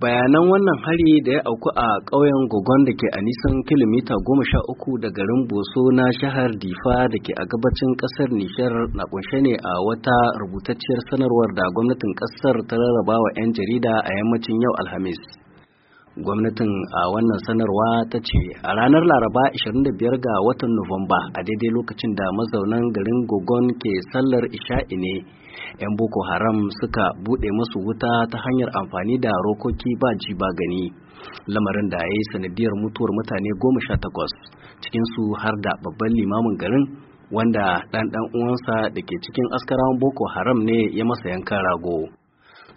bayanan wannan hari da ya auku a ƙauyen gogon da ke a nisan kilomita goma sha uku da garin boso na shahar difa da ke a gabacin ƙasar nishar na kunshe ne a wata rubutacciyar sanarwar da gwamnatin ƙasar ta rarraba wa 'yan jarida a yammacin yau alhamis gwamnatin a wannan sanarwa ta ce a ranar laraba 25 ga watan nuwamba a daidai lokacin da mazaunan garin gogon ke sallar isha'i ne 'yan boko haram suka buɗe masu wuta ta hanyar amfani da rokoki ba ji ba gani lamarin da ya yi sanadiyar mutuwar mutane goma sha takwas cikinsu har da babban limamin garin wanda ɗan ɗan uwansa da ke cikin askarawan boko haram ne ya masa yanka rago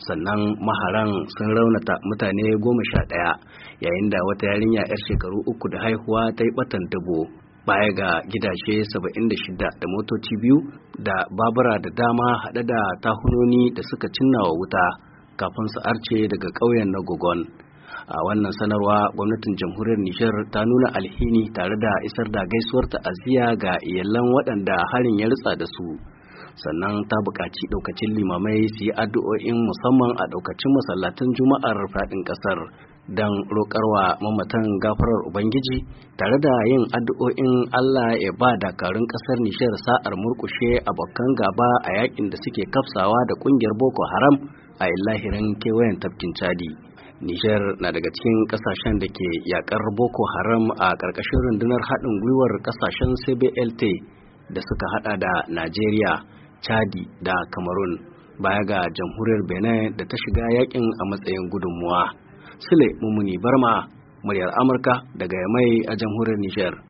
sannan maharan sun raunata mutane goma sha ɗaya yayin da wata yarinya 'yar shekaru uku da haihuwa ta yi batan dubu, baya ga gidaje 76 da motoci biyu da babura da dama haɗe da tahunoni da suka cinna wa wuta kafin su arce daga ƙauyen na gogon a wannan sanarwa gwamnatin jamhuriyar nijar ta nuna alhini tare da isar da gaisuwar ta'aziya ga iyalan waɗanda harin ya ritsa da su sannan ta buƙaci ɗaukacin limamai su yi addu'o'in musamman a ɗaukacin masallatan juma'ar faɗin ƙasar don roƙarwa mamatan gafarar ubangiji tare da yin addu'o'in allah ya ba dakarun ƙasar nishiyar sa'ar murƙushe abokan gaba a yakin da suke kafsawa da ƙungiyar boko haram a lahirin kewayen tafkin chadi Nijar na daga cikin kasashen da ke yakar Boko Haram a ƙarƙashin rundunar haɗin gwiwar kasashen CBLT da suka hada da Najeriya, chadi da cameroon baya ga jamhuriyar benin da ta shiga yakin a matsayin gudunmuwa sule mummuni barma muryar amurka daga mai a jamhuriyar niger